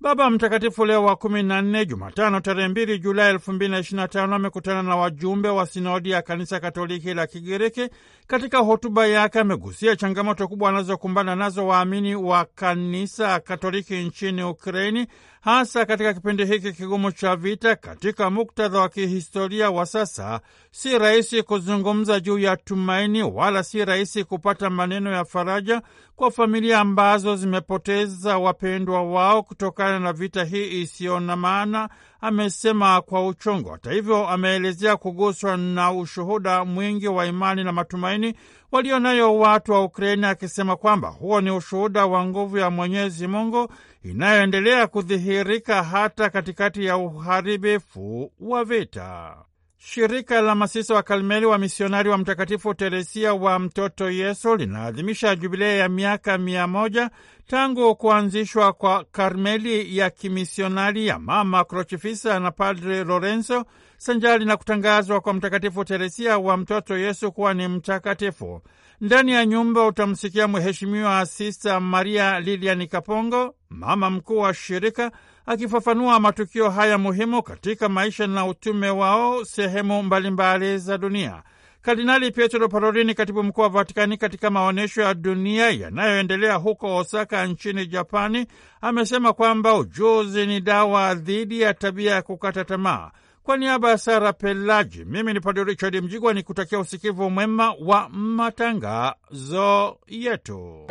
Baba Mtakatifu Leo wa kumi na nne, Jumatano tarehe mbili Julai elfu mbili na na tano amekutana na wajumbe wa sinodi ya kanisa Katoliki la Kigiriki. Katika hotuba yake amegusia changamoto kubwa anazokumbana nazo waamini wa kanisa Katoliki nchini Ukraini hasa katika kipindi hiki kigumu cha vita. Katika muktadha wa kihistoria wa sasa, si rahisi kuzungumza juu ya tumaini wala si rahisi kupata maneno ya faraja kwa familia ambazo zimepoteza wapendwa wao kutokana na vita hii isiyo na maana amesema kwa uchungu. Hata hivyo, ameelezea kuguswa na ushuhuda mwingi wa imani na matumaini walio nayo watu wa Ukraini, akisema kwamba huo ni ushuhuda wa nguvu ya Mwenyezi Mungu inayoendelea kudhihirika hata katikati ya uharibifu wa vita. Shirika la masisa wa Karmeli wa misionari wa Mtakatifu Teresia wa Mtoto Yesu linaadhimisha jubilea ya miaka mia moja tangu kuanzishwa kwa Karmeli ya kimisionari ya Mama krochifisa na Padre Lorenzo, sanjari na kutangazwa kwa Mtakatifu Teresia wa Mtoto Yesu kuwa ni mtakatifu. Ndani ya nyumba utamsikia Mheshimiwa Sista Maria Lilian Kapongo, mama mkuu wa shirika akifafanua matukio haya muhimu katika maisha na utume wao sehemu mbalimbali za dunia. Kardinali Pietro Parolini, katibu mkuu wa Vatikani, katika maonyesho ya dunia yanayoendelea huko Osaka nchini Japani, amesema kwamba ujuzi ni dawa dhidi ya tabia ya kukata tamaa. Kwa niaba ya Sara Pelaji, mimi ni Padre Richard Mjigwa ni kutakia usikivu mwema wa matangazo yetu.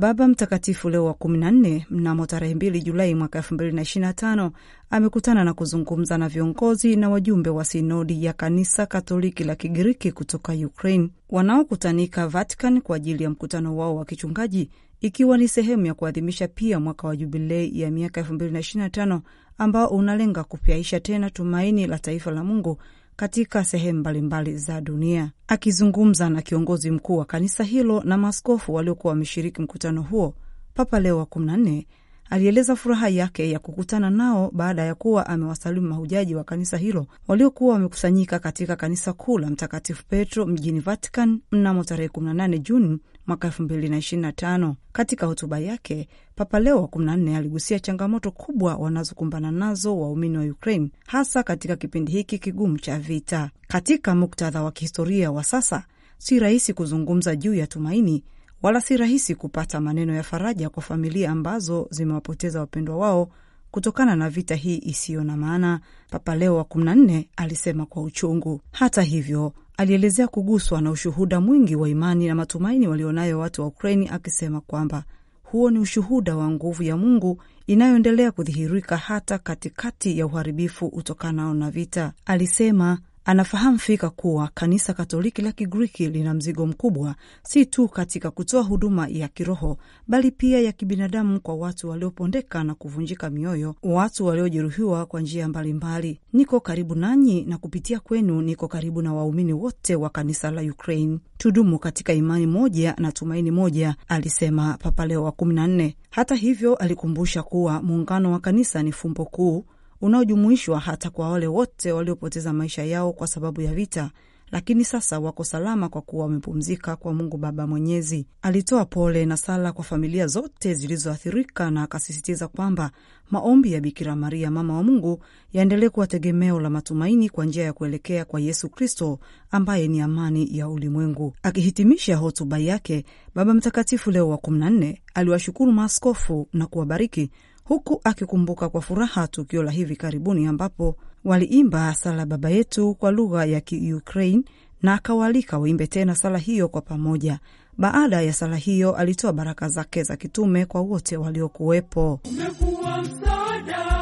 Baba Mtakatifu Leo wa 14 mnamo tarehe 2 Julai mwaka 2025 amekutana na kuzungumza na viongozi na wajumbe wa sinodi ya kanisa Katoliki la Kigiriki kutoka Ukraine wanaokutanika Vatican kwa ajili ya mkutano wao wa kichungaji ikiwa ni sehemu ya kuadhimisha pia mwaka wa jubilei ya miaka 2025 ambao unalenga kupyaisha tena tumaini la taifa la Mungu katika sehemu mbalimbali za dunia. Akizungumza na kiongozi mkuu wa kanisa hilo na maaskofu waliokuwa wameshiriki mkutano huo, Papa Leo wa 14 alieleza furaha yake ya kukutana nao baada ya kuwa amewasalimu mahujaji wa kanisa hilo waliokuwa wamekusanyika katika kanisa kuu la Mtakatifu Petro mjini Vatican mnamo tarehe 18 Juni mwaka 2025. Katika hotuba yake, Papa Leo wa 14 aligusia changamoto kubwa wanazokumbana nazo waumini wa Ukraine, hasa katika kipindi hiki kigumu cha vita. Katika muktadha wa kihistoria wa sasa, si rahisi kuzungumza juu ya tumaini wala si rahisi kupata maneno ya faraja kwa familia ambazo zimewapoteza wapendwa wao kutokana na vita hii isiyo na maana, Papa Leo wa 14 alisema kwa uchungu. Hata hivyo, alielezea kuguswa na ushuhuda mwingi wa imani na matumaini walionayo watu wa Ukraini, akisema kwamba huo ni ushuhuda wa nguvu ya Mungu inayoendelea kudhihirika hata katikati ya uharibifu utokanao na vita. Alisema Anafahamu fika kuwa kanisa Katoliki la Kigiriki lina mzigo mkubwa, si tu katika kutoa huduma ya kiroho, bali pia ya kibinadamu kwa watu waliopondeka na kuvunjika mioyo, watu waliojeruhiwa kwa njia mbalimbali. Niko karibu nanyi na kupitia kwenu niko karibu na waumini wote wa kanisa la Ukraine. Tudumu katika imani moja na tumaini moja, alisema Papa Leo wa kumi na nne. Hata hivyo, alikumbusha kuwa muungano wa kanisa ni fumbo kuu unaojumuishwa hata kwa wale wote waliopoteza maisha yao kwa sababu ya vita, lakini sasa wako salama kwa kuwa wamepumzika kwa Mungu Baba Mwenyezi. Alitoa pole na sala kwa familia zote zilizoathirika na akasisitiza kwamba maombi ya Bikira Maria, mama wa Mungu, yaendelee kuwa tegemeo la matumaini kwa njia ya kuelekea kwa Yesu Kristo ambaye ni amani ya ulimwengu. Akihitimisha hotuba yake, Baba Mtakatifu Leo wa 14 aliwashukuru maaskofu na kuwabariki huku akikumbuka kwa furaha tukio la hivi karibuni ambapo waliimba sala Baba Yetu kwa lugha ya Kiukraine na akawalika waimbe tena sala hiyo kwa pamoja. Baada ya sala hiyo, alitoa baraka zake za kitume kwa wote waliokuwepo. Umekuwa msaada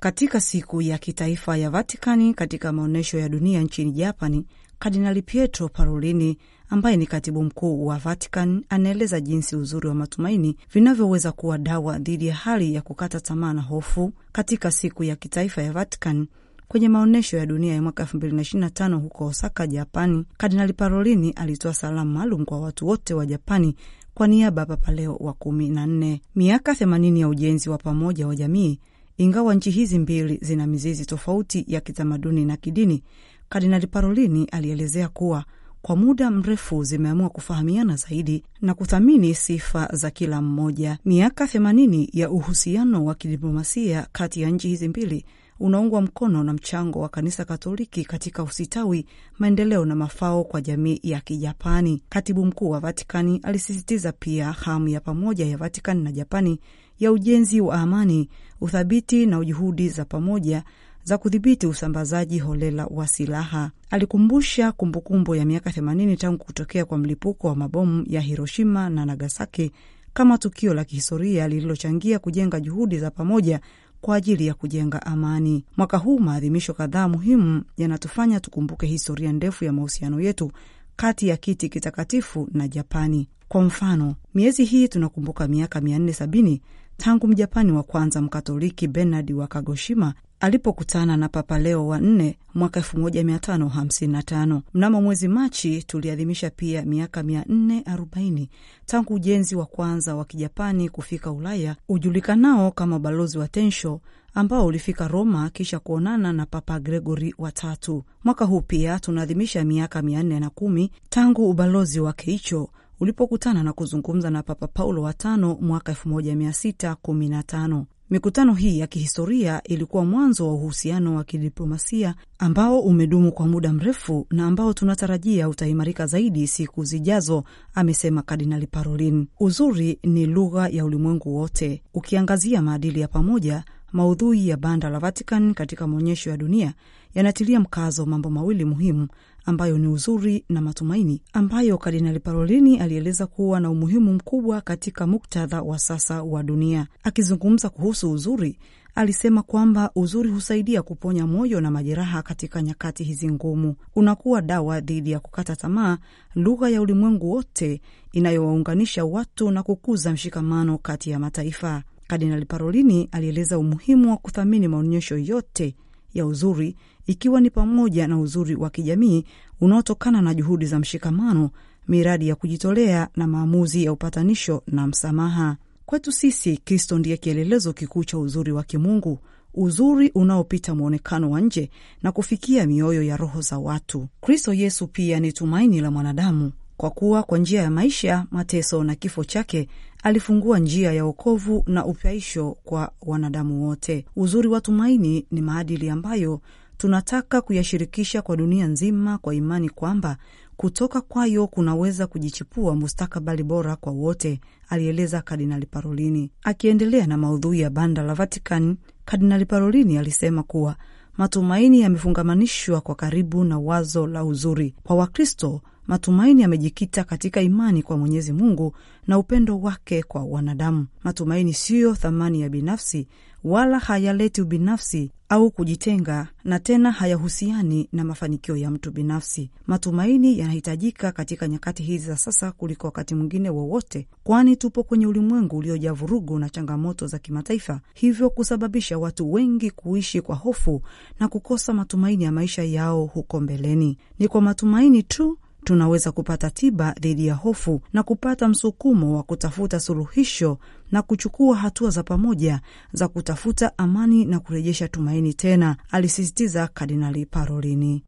Katika siku ya kitaifa ya Vatikani katika maonyesho ya dunia nchini Japani, Kardinali Pietro Parolini ambaye ni katibu mkuu wa Vatican anaeleza jinsi uzuri wa matumaini vinavyoweza kuwa dawa dhidi ya hali ya kukata tamaa na hofu katika siku ya kitaifa ya Vatican kwenye maonyesho ya dunia ya mwaka elfu mbili na na tano huko Osaka, Japani. Kardinali Parolini alitoa salamu maalum kwa watu wote wa Japani kwa niaba Papa Leo wa kumi na nne. Miaka themanini ya ujenzi wa pamoja wa jamii. Ingawa nchi hizi mbili zina mizizi tofauti ya kitamaduni na kidini, Kardinali Parolini alielezea kuwa kwa muda mrefu zimeamua kufahamiana zaidi na kuthamini sifa za kila mmoja. Miaka themanini ya uhusiano wa kidiplomasia kati ya nchi hizi mbili unaungwa mkono na mchango wa kanisa Katoliki katika usitawi, maendeleo na mafao kwa jamii ya Kijapani. Katibu mkuu wa Vatikani alisisitiza pia hamu ya pamoja ya Vatikani na Japani ya ujenzi wa amani, uthabiti na juhudi za pamoja za kudhibiti usambazaji holela wa silaha. Alikumbusha kumbukumbu ya miaka 80 tangu kutokea kwa mlipuko wa mabomu ya Hiroshima na Nagasaki kama tukio la kihistoria lililochangia kujenga juhudi za pamoja kwa ajili ya kujenga amani. Mwaka huu maadhimisho kadhaa muhimu yanatufanya tukumbuke historia ndefu ya mahusiano yetu kati ya kiti kitakatifu na Japani. Kwa mfano, miezi hii tunakumbuka miaka 470 tangu Mjapani wa kwanza Mkatoliki Bernard wa Kagoshima alipokutana na Papa Leo wa nne mwaka 1555. Mnamo mwezi Machi tuliadhimisha pia miaka 440 tangu ujenzi wa kwanza wa Kijapani kufika Ulaya ujulikanao kama ubalozi wa Tensho ambao ulifika Roma kisha kuonana na Papa Gregory wa tatu. Mwaka huu pia tunaadhimisha miaka 410 tangu ubalozi wa Keicho ulipokutana na kuzungumza na Papa Paulo wa tano mwaka 1615. Mikutano hii ya kihistoria ilikuwa mwanzo wa uhusiano wa kidiplomasia ambao umedumu kwa muda mrefu na ambao tunatarajia utaimarika zaidi siku zijazo, amesema Kardinali Parolin. Uzuri ni lugha ya ulimwengu wote, ukiangazia maadili ya pamoja. Maudhui ya banda la Vatican katika maonyesho ya dunia yanatilia mkazo mambo mawili muhimu ambayo ni uzuri na matumaini, ambayo Kardinali Parolini alieleza kuwa na umuhimu mkubwa katika muktadha wa sasa wa dunia. Akizungumza kuhusu uzuri, alisema kwamba uzuri husaidia kuponya moyo na majeraha katika nyakati hizi ngumu, unakuwa dawa dhidi ya kukata tamaa, lugha ya ulimwengu wote inayowaunganisha watu na kukuza mshikamano kati ya mataifa. Kardinali Parolini alieleza umuhimu wa kuthamini maonyesho yote ya uzuri ikiwa ni pamoja na uzuri wa kijamii unaotokana na juhudi za mshikamano, miradi ya kujitolea na maamuzi ya upatanisho na msamaha. Kwetu sisi, Kristo ndiye kielelezo kikuu cha uzuri wa kimungu, uzuri unaopita mwonekano wa nje na kufikia mioyo ya roho za watu. Kristo Yesu pia ni tumaini la mwanadamu, kwa kuwa kwa njia ya maisha, mateso na kifo chake alifungua njia ya wokovu na upyaisho kwa wanadamu wote. Uzuri wa tumaini ni maadili ambayo tunataka kuyashirikisha kwa dunia nzima kwa imani kwamba kutoka kwayo kunaweza kujichipua mustakabali bora kwa wote, alieleza Kardinali Parolini. Akiendelea na maudhui ya banda la Vatican, Kardinali Parolini alisema kuwa matumaini yamefungamanishwa kwa karibu na wazo la uzuri. Kwa Wakristo, Matumaini yamejikita katika imani kwa Mwenyezi Mungu na upendo wake kwa wanadamu. Matumaini siyo thamani ya binafsi, wala hayaleti ubinafsi au kujitenga, na tena hayahusiani na mafanikio ya mtu binafsi. Matumaini yanahitajika katika nyakati hizi za sasa kuliko wakati mwingine wowote, kwani tupo kwenye ulimwengu uliojaa vurugu na changamoto za kimataifa, hivyo kusababisha watu wengi kuishi kwa hofu na kukosa matumaini ya maisha yao huko mbeleni. Ni kwa matumaini tu tunaweza kupata tiba dhidi ya hofu na kupata msukumo wa kutafuta suluhisho na kuchukua hatua za pamoja za kutafuta amani na kurejesha tumaini tena, alisisitiza Kardinali Parolini.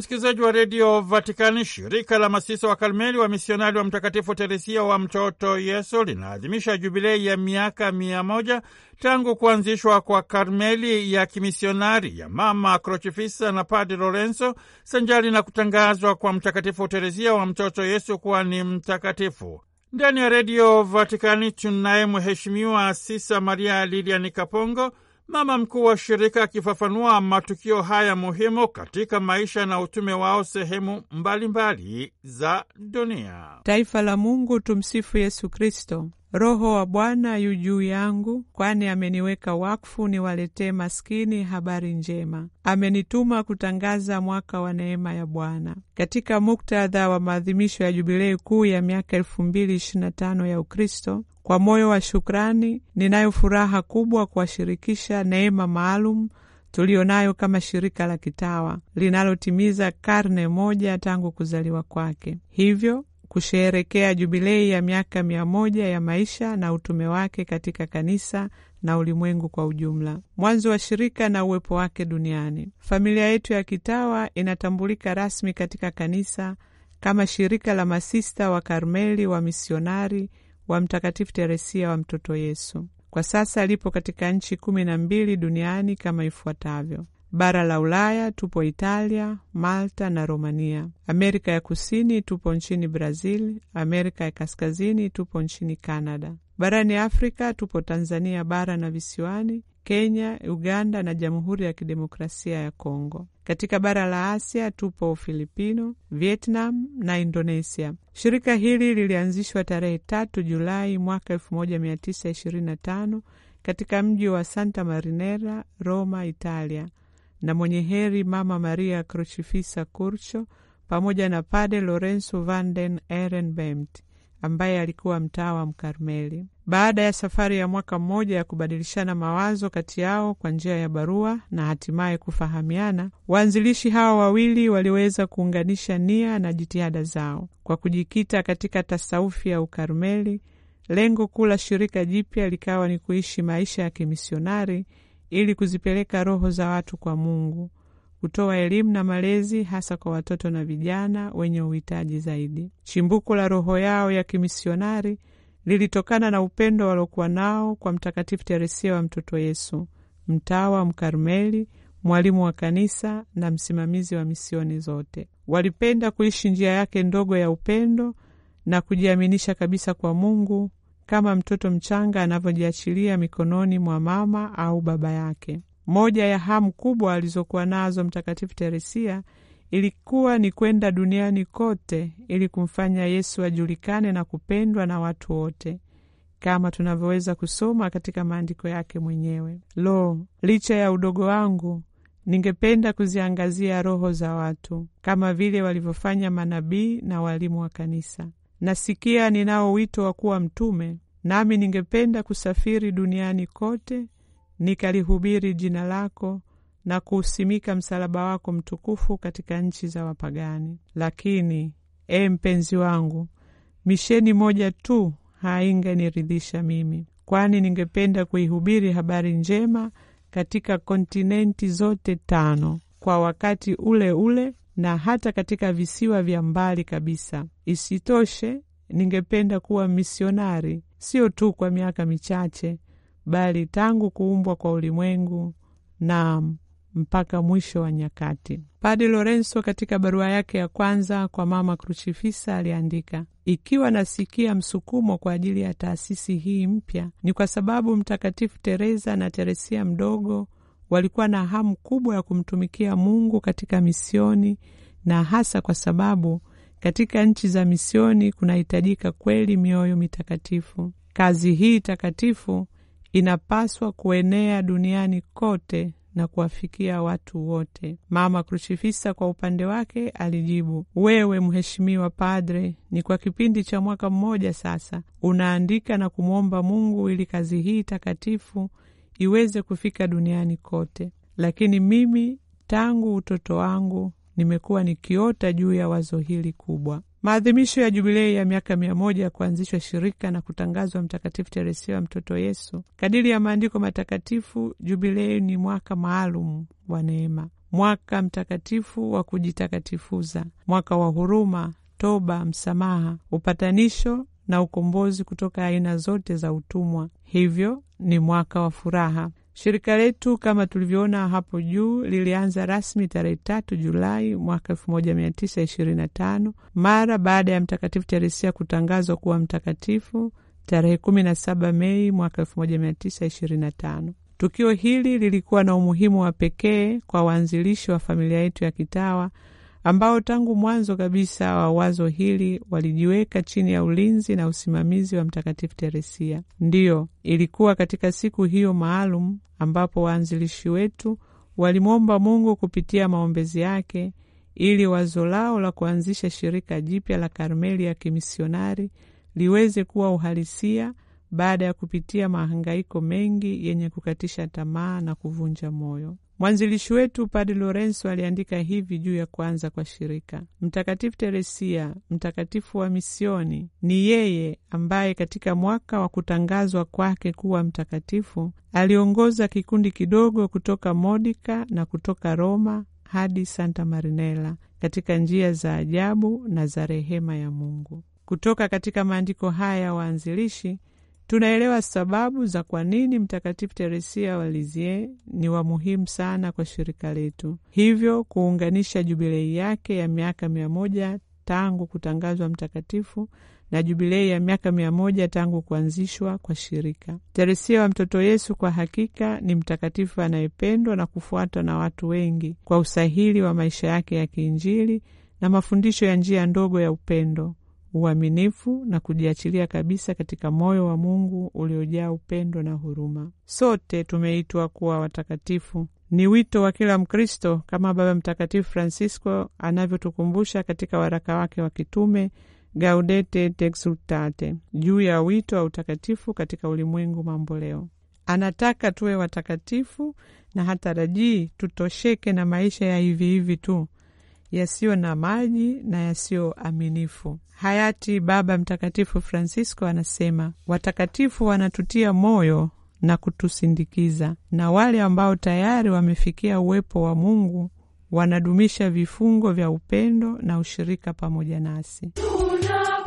msikilizaji wa redio Vatikani, shirika la masisa wa Karmeli wa misionari wa Mtakatifu Teresia wa mtoto Yesu linaadhimisha jubilei ya miaka mia moja tangu kuanzishwa kwa Karmeli ya kimisionari ya Mama crochifisa na Padre Lorenzo, sanjari na kutangazwa kwa Mtakatifu Teresia wa mtoto Yesu kuwa ni mtakatifu. Ndani ya redio Vatikani tunaye mheshimiwa Sisa Maria Lilian Kapongo Mama mkuu wa shirika akifafanua matukio haya muhimu katika maisha na utume wao sehemu mbalimbali mbali za dunia. Taifa la Mungu, tumsifu Yesu Kristo. Roho wa Bwana yu juu yangu, kwani ameniweka wakfu niwaletee maskini habari njema. Amenituma kutangaza mwaka wa neema ya Bwana. Katika muktadha wa maadhimisho ya jubilei kuu ya miaka elfu mbili ishirini na tano ya Ukristo, kwa moyo wa shukrani, ninayo furaha kubwa kuwashirikisha neema maalum tuliyo nayo kama shirika la kitawa linalotimiza karne moja tangu kuzaliwa kwake, hivyo kusheherekea jubilei ya miaka mia moja ya maisha na utume wake katika kanisa na ulimwengu kwa ujumla, mwanzo wa shirika na uwepo wake duniani. Familia yetu ya kitawa inatambulika rasmi katika kanisa kama shirika la masista wa Karmeli wa misionari wa Mtakatifu Teresia wa Mtoto Yesu. Kwa sasa lipo katika nchi kumi na mbili duniani kama ifuatavyo: bara la Ulaya tupo Italia, Malta na Romania. Amerika ya Kusini tupo nchini Brazil. Amerika ya Kaskazini tupo nchini canada Barani Afrika tupo Tanzania bara na visiwani, Kenya, Uganda na Jamhuri ya Kidemokrasia ya Kongo. Katika bara la Asia tupo ufilipino Vietnam na Indonesia. Shirika hili lilianzishwa tarehe tatu Julai mwaka 1925 katika mji wa Santa Marinera, Roma, Italia, na mwenye heri Mama Maria Crocifissa Curcio pamoja na Pade Lorenzo van den ambaye alikuwa mtawa Mkarmeli. Baada ya safari ya mwaka mmoja ya kubadilishana mawazo kati yao kwa njia ya barua na hatimaye kufahamiana, waanzilishi hawa wawili waliweza kuunganisha nia na jitihada zao kwa kujikita katika tasaufi ya Ukarmeli. Lengo kuu la shirika jipya likawa ni kuishi maisha ya kimisionari ili kuzipeleka roho za watu kwa Mungu, kutoa elimu na malezi hasa kwa watoto na vijana wenye uhitaji zaidi. Chimbuko la roho yao ya kimisionari lilitokana na upendo waliokuwa nao kwa Mtakatifu Teresia wa Mtoto Yesu, mtawa Mkarmeli, mwalimu wa kanisa na msimamizi wa misioni zote. Walipenda kuishi njia yake ndogo ya upendo na kujiaminisha kabisa kwa Mungu kama mtoto mchanga anavyojiachilia mikononi mwa mama au baba yake. Moja ya hamu kubwa alizokuwa nazo Mtakatifu Teresia ilikuwa ni kwenda duniani kote ili kumfanya Yesu ajulikane na kupendwa na watu wote kama tunavyoweza kusoma katika maandiko yake mwenyewe. Lo, licha ya udogo wangu ningependa kuziangazia roho za watu kama vile walivyofanya manabii na walimu wa kanisa. Nasikia ninao wito wa kuwa mtume, nami ningependa kusafiri duniani kote nikalihubiri jina lako na kuusimika msalaba wako mtukufu katika nchi za wapagani. Lakini e mpenzi wangu, misheni moja tu haingeniridhisha mimi, kwani ningependa kuihubiri habari njema katika kontinenti zote tano kwa wakati ule ule na hata katika visiwa vya mbali kabisa. Isitoshe, ningependa kuwa misionari, sio tu kwa miaka michache, bali tangu kuumbwa kwa ulimwengu. Naam, mpaka mwisho wa nyakati. Padi Lorenzo katika barua yake ya kwanza kwa Mama Kruchifisa aliandika, ikiwa nasikia msukumo kwa ajili ya taasisi hii mpya ni kwa sababu Mtakatifu Teresa na Teresia mdogo walikuwa na hamu kubwa ya kumtumikia Mungu katika misioni, na hasa kwa sababu katika nchi za misioni kunahitajika kweli mioyo mitakatifu. Kazi hii takatifu inapaswa kuenea duniani kote na kuwafikia watu wote. Mama Kruchifisa kwa upande wake alijibu, wewe mheshimiwa padre, ni kwa kipindi cha mwaka mmoja sasa unaandika na kumwomba Mungu ili kazi hii takatifu iweze kufika duniani kote, lakini mimi tangu utoto wangu nimekuwa nikiota juu ya wazo hili kubwa. Maadhimisho ya jubilei ya miaka mia moja ya kuanzishwa shirika na kutangazwa Mtakatifu Teresia wa Mtoto Yesu. Kadiri ya maandiko matakatifu, jubilei ni mwaka maalum wa neema, mwaka mtakatifu wa kujitakatifuza, mwaka wa huruma, toba, msamaha, upatanisho na ukombozi kutoka aina zote za utumwa. Hivyo ni mwaka wa furaha, Shirika letu kama tulivyoona hapo juu lilianza rasmi tarehe tatu Julai mwaka 1925 mara baada ya Mtakatifu Teresia kutangazwa kuwa mtakatifu tarehe 17 Mei mwaka tano. Tukio hili lilikuwa na umuhimu wa pekee kwa waanzilishi wa familia yetu ya kitawa ambao tangu mwanzo kabisa wa wazo hili walijiweka chini ya ulinzi na usimamizi wa Mtakatifu Teresia. Ndiyo, ilikuwa katika siku hiyo maalum ambapo waanzilishi wetu walimwomba Mungu kupitia maombezi yake ili wazo lao la kuanzisha shirika jipya la Karmeli ya kimisionari liweze kuwa uhalisia baada ya kupitia mahangaiko mengi yenye kukatisha tamaa na kuvunja moyo. Mwanzilishi wetu Padre Lorenzo aliandika hivi juu ya kuanza kwa shirika: Mtakatifu Teresia, mtakatifu wa misioni, ni yeye ambaye katika mwaka wa kutangazwa kwake kuwa mtakatifu aliongoza kikundi kidogo kutoka Modica na kutoka Roma hadi Santa Marinella katika njia za ajabu na za rehema ya Mungu. Kutoka katika maandiko haya ya waanzilishi Tunaelewa sababu za kwa nini Mtakatifu Teresia wa Lisieux ni wa muhimu sana kwa shirika letu, hivyo kuunganisha jubilei yake ya miaka mia moja tangu kutangazwa mtakatifu na jubilei ya miaka mia moja tangu kuanzishwa kwa shirika. Teresia wa Mtoto Yesu kwa hakika ni mtakatifu anayependwa na kufuatwa na watu wengi kwa usahili wa maisha yake ya kiinjili na mafundisho ya njia ndogo ya upendo uaminifu na kujiachilia kabisa katika moyo wa Mungu uliojaa upendo na huruma. Sote tumeitwa kuwa watakatifu. Ni wito wa kila Mkristo, kama Baba Mtakatifu Francisco anavyotukumbusha katika waraka wake wa kitume Gaudete et juu ya wito wa utakatifu katika ulimwengu mamboleo. Anataka tuwe watakatifu na hatarajii tutosheke na maisha ya hivi hivi tu yasiyo na maji na yasiyo aminifu. Hayati Baba Mtakatifu Francisco anasema watakatifu wanatutia moyo na kutusindikiza, na wale ambao tayari wamefikia uwepo wa Mungu wanadumisha vifungo vya upendo na ushirika pamoja nasi Tuna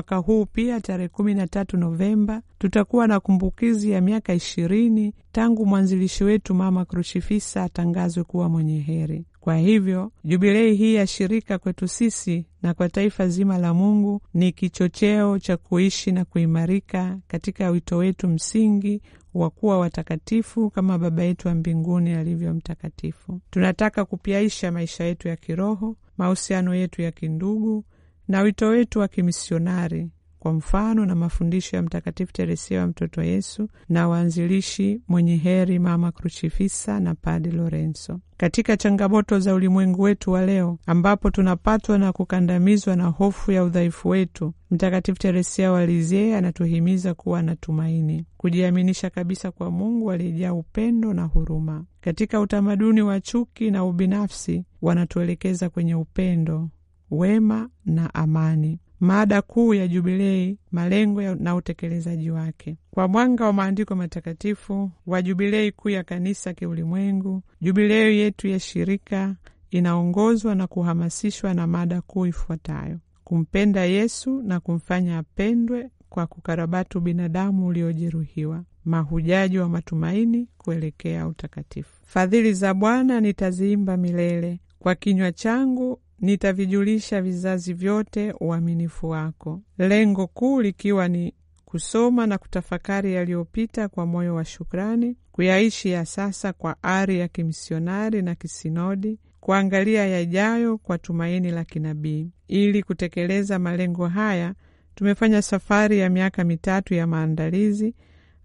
Mwaka huu pia tarehe kumi na tatu Novemba tutakuwa na kumbukizi ya miaka ishirini tangu mwanzilishi wetu Mama Krushifisa atangazwe kuwa mwenye heri. Kwa hivyo jubilei hii ya shirika kwetu sisi na kwa taifa zima la Mungu ni kichocheo cha kuishi na kuimarika katika wito wetu msingi wa kuwa watakatifu kama Baba yetu wa mbinguni alivyo mtakatifu. Tunataka kupiaisha maisha yetu ya kiroho, mahusiano yetu ya kindugu, na wito wetu wa kimisionari kwa mfano na mafundisho ya Mtakatifu Teresia wa mtoto Yesu na waanzilishi mwenye heri Mama Kruchifisa na Padi Lorenzo. Katika changamoto za ulimwengu wetu wa leo, ambapo tunapatwa na kukandamizwa na hofu ya udhaifu wetu, Mtakatifu Teresia wa Lizie anatuhimiza kuwa na tumaini, kujiaminisha kabisa kwa Mungu aliyejaa upendo na huruma. Katika utamaduni wa chuki na ubinafsi, wanatuelekeza kwenye upendo wema na amani. Mada kuu ya Jubilei: malengo na utekelezaji wake. Kwa mwanga wa maandiko matakatifu wa Jubilei kuu ya kanisa kiulimwengu, jubilei yetu ya shirika inaongozwa na kuhamasishwa na mada kuu ifuatayo: kumpenda Yesu na kumfanya apendwe kwa kukarabatu binadamu uliojeruhiwa, mahujaji wa matumaini kuelekea utakatifu. Fadhili za Bwana nitaziimba milele, kwa kinywa changu nitavijulisha vizazi vyote uaminifu wako, lengo kuu likiwa ni kusoma na kutafakari yaliyopita kwa moyo wa shukrani, kuyaishi ya sasa kwa ari ya kimisionari na kisinodi, kuangalia yajayo kwa tumaini la kinabii. Ili kutekeleza malengo haya, tumefanya safari ya miaka mitatu ya maandalizi,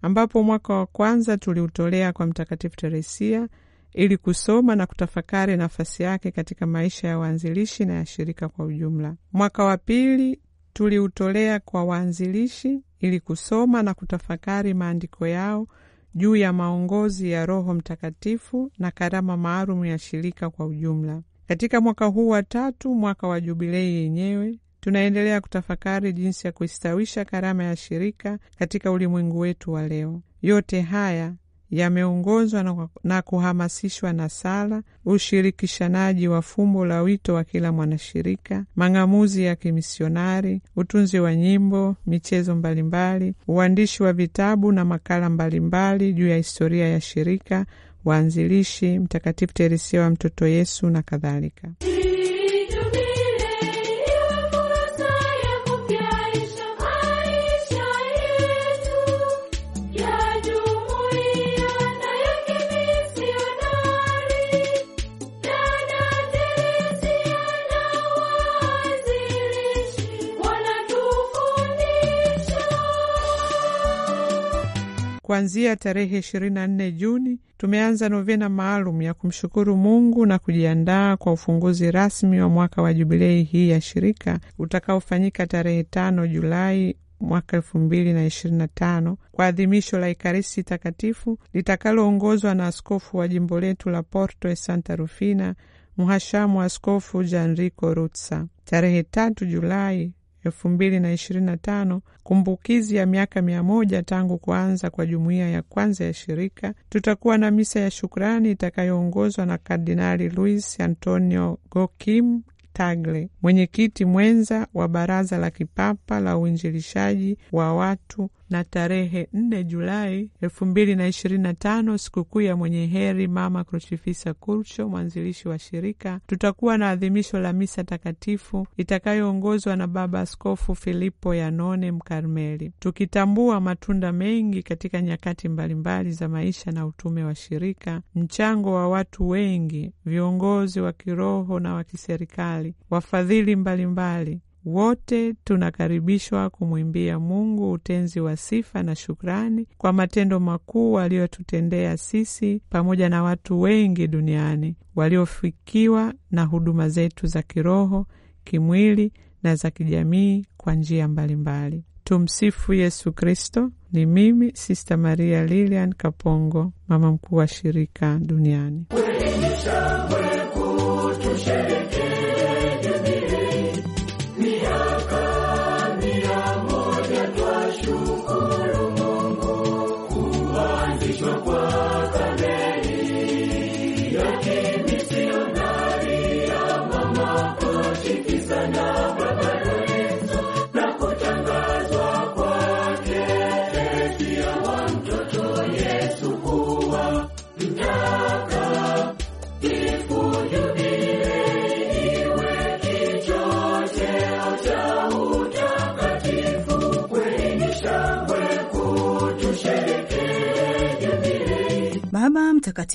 ambapo mwaka wa kwanza tuliutolea kwa Mtakatifu Teresia ili kusoma na kutafakari nafasi yake katika maisha ya waanzilishi na ya shirika kwa ujumla. Mwaka wa pili tuliutolea kwa waanzilishi ili kusoma na kutafakari maandiko yao juu ya maongozi ya Roho Mtakatifu na karama maalum ya shirika kwa ujumla. Katika mwaka huu wa tatu, mwaka wa jubilei yenyewe, tunaendelea kutafakari jinsi ya kuistawisha karama ya shirika katika ulimwengu wetu wa leo. Yote haya yameongozwa na, na kuhamasishwa na sala, ushirikishanaji wa fumbo la wito wa kila mwanashirika, mang'amuzi ya kimisionari, utunzi wa nyimbo, michezo mbalimbali, uandishi wa vitabu na makala mbalimbali juu ya historia ya shirika, waanzilishi, Mtakatifu Teresia wa Mtoto Yesu na kadhalika. Kuanzia tarehe 24 Juni tumeanza novena maalum ya kumshukuru Mungu na kujiandaa kwa ufunguzi rasmi wa mwaka wa jubilei hii ya shirika utakaofanyika tarehe 5 Julai mwaka elfu mbili na ishirini na tano kwa adhimisho la Ekaristi Takatifu litakaloongozwa na askofu wa jimbo letu la Porto e Santa Rufina, mhashamu askofu Janrico Rutsa. Tarehe tatu Julai elfu mbili na ishirini na tano kumbukizi ya miaka mia moja tangu kuanza kwa jumuiya ya kwanza ya shirika, tutakuwa na misa ya shukrani itakayoongozwa na Kardinali Luis Antonio Gokim Tagle, mwenyekiti mwenza wa Baraza la Kipapa la Uinjilishaji wa Watu na tarehe 4 Julai 2025, sikukuu ya mwenye heri Mama krochifisa kurcho mwanzilishi wa shirika, tutakuwa na adhimisho la misa takatifu itakayoongozwa na Baba Askofu Filipo Yanone Mkarmeli, tukitambua matunda mengi katika nyakati mbalimbali za maisha na utume wa shirika, mchango wa watu wengi, viongozi wa kiroho na wa kiserikali, wafadhili mbalimbali wote tunakaribishwa kumwimbia Mungu utenzi wa sifa na shukrani kwa matendo makuu aliyotutendea sisi pamoja na watu wengi duniani waliofikiwa na huduma zetu za kiroho, kimwili na za kijamii kwa njia mbalimbali. Tumsifu Yesu Kristo. Ni mimi Sista Maria Lilian Kapongo, mama mkuu wa shirika duniani.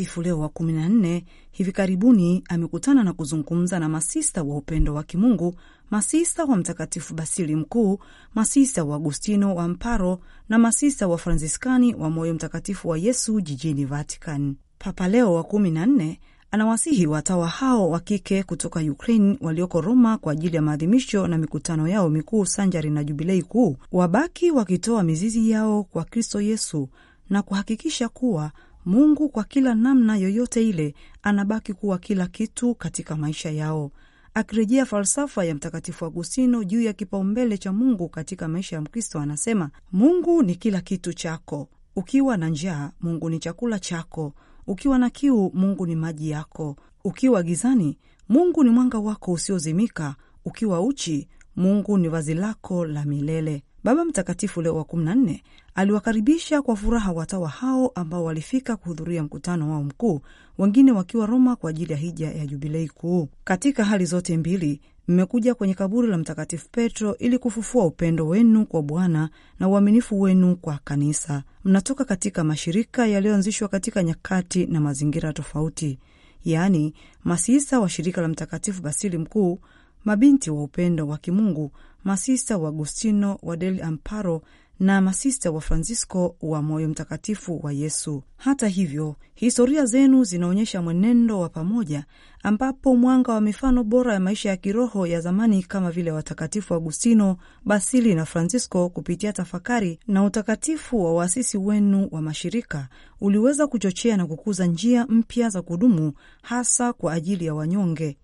Mtakatifu Leo wa 14 hivi karibuni amekutana na kuzungumza na masista wa upendo wa Kimungu, masista wa Mtakatifu Basili Mkuu, masista wa Agustino wa Mparo na masista wa Fransiskani wa Moyo Mtakatifu wa Yesu jijini Vatican. Papa Leo wa 14 anawasihi watawa hao wa kike kutoka Ukraine walioko Roma kwa ajili ya maadhimisho na mikutano yao mikuu sanjari na jubilei kuu, wabaki wakitoa mizizi yao kwa Kristo Yesu na kuhakikisha kuwa Mungu kwa kila namna yoyote ile anabaki kuwa kila kitu katika maisha yao. Akirejea falsafa ya Mtakatifu Agustino juu ya kipaumbele cha Mungu katika maisha ya Mkristo, anasema Mungu ni kila kitu chako. Ukiwa na njaa, Mungu ni chakula chako. Ukiwa na kiu, Mungu ni maji yako. Ukiwa gizani, Mungu ni mwanga wako usiozimika. Ukiwa uchi, Mungu ni vazi lako la milele. Baba Mtakatifu Leo wa 14 aliwakaribisha kwa furaha watawa hao ambao walifika kuhudhuria mkutano wao mkuu, wengine wakiwa Roma kwa ajili ya hija ya Jubilei Kuu. Katika hali zote mbili, mmekuja kwenye kaburi la Mtakatifu Petro ili kufufua upendo wenu kwa Bwana na uaminifu wenu kwa Kanisa. Mnatoka katika mashirika yaliyoanzishwa katika nyakati na mazingira tofauti, yaani masisa wa shirika la Mtakatifu Basili Mkuu, mabinti wa upendo wa Kimungu masista wa Agustino wa del Amparo na masista wa Francisco wa Moyo Mtakatifu wa Yesu. Hata hivyo, historia zenu zinaonyesha mwenendo wa pamoja ambapo mwanga wa mifano bora ya maisha ya kiroho ya zamani kama vile watakatifu Agustino, Basili na Francisco, kupitia tafakari na utakatifu wa waasisi wenu wa mashirika uliweza kuchochea na kukuza njia mpya za kudumu hasa kwa ajili ya wanyonge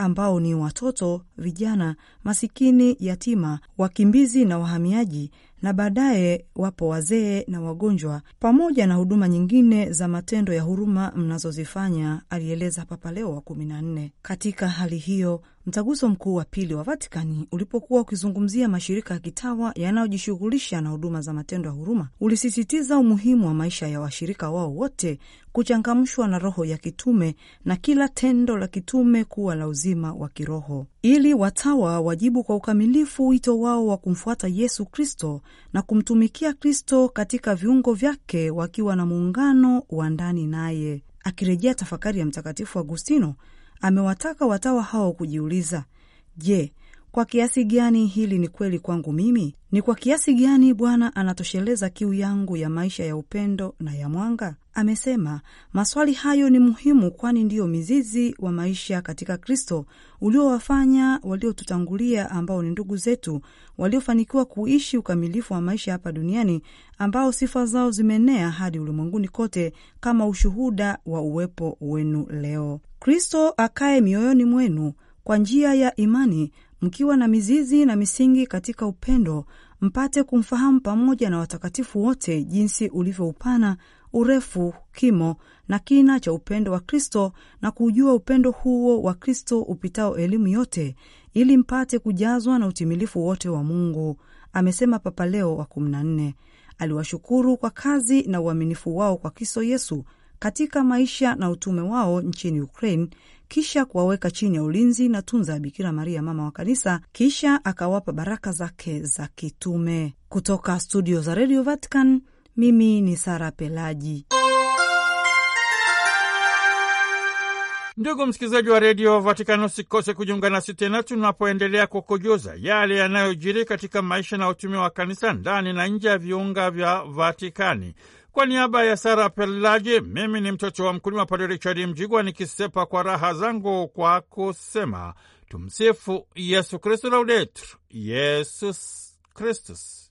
ambao ni watoto, vijana, masikini, yatima, wakimbizi na wahamiaji na baadaye wapo wazee na wagonjwa, pamoja na huduma nyingine za matendo ya huruma mnazozifanya, alieleza Papa Leo wa kumi na nne. Katika hali hiyo Mtaguso Mkuu wa Pili wa Vatikani ulipokuwa ukizungumzia mashirika ya kitawa yanayojishughulisha na huduma za matendo ya huruma, ulisisitiza umuhimu wa maisha ya washirika wao wote kuchangamshwa na roho ya kitume na kila tendo la kitume kuwa la uzima wa kiroho ili watawa wajibu kwa ukamilifu wito wao wa kumfuata Yesu Kristo na kumtumikia Kristo katika viungo vyake wakiwa na muungano wa ndani naye. Akirejea tafakari ya Mtakatifu Agustino, amewataka watawa hao kujiuliza, je, kwa kiasi gani hili ni kweli kwangu mimi? Ni kwa kiasi gani Bwana anatosheleza kiu yangu ya maisha ya upendo na ya mwanga? Amesema maswali hayo ni muhimu, kwani ndiyo mizizi wa maisha katika Kristo uliowafanya waliotutangulia, ambao ni ndugu zetu waliofanikiwa kuishi ukamilifu wa maisha hapa duniani, ambao sifa zao zimeenea hadi ulimwenguni kote kama ushuhuda wa uwepo wenu leo. Kristo akaye mioyoni mwenu kwa njia ya imani mkiwa na mizizi na misingi katika upendo, mpate kumfahamu pamoja na watakatifu wote, jinsi ulivyo upana, urefu, kimo na kina cha upendo wa Kristo, na kuujua upendo huo wa Kristo upitao elimu yote, ili mpate kujazwa na utimilifu wote wa Mungu, amesema Papa Leo wa 14. Aliwashukuru kwa kazi na uaminifu wao kwa Kristo Yesu katika maisha na utume wao nchini Ukraine kisha kuwaweka chini ya ulinzi na tunza ya Bikira Maria mama wa kanisa, kisha akawapa baraka zake za kitume. Kutoka studio za Radio Vatican, mimi ni Sara Pelaji. Ndugu msikilizaji wa redio Vatikano, sikose kujiunga nasi tena tunapoendelea kukujuza yale yanayojiri katika maisha na utumi wa kanisa ndani na nje ya viunga vya Vatikani. Kwa niaba ya Sara Pelaji, mimi ni mtoto wa mkulima Padre Richard Mjigwa, nikisepa kwa raha zangu kwa kusema tumsifu Yesu Kristu, laudetur Yesus Kristus.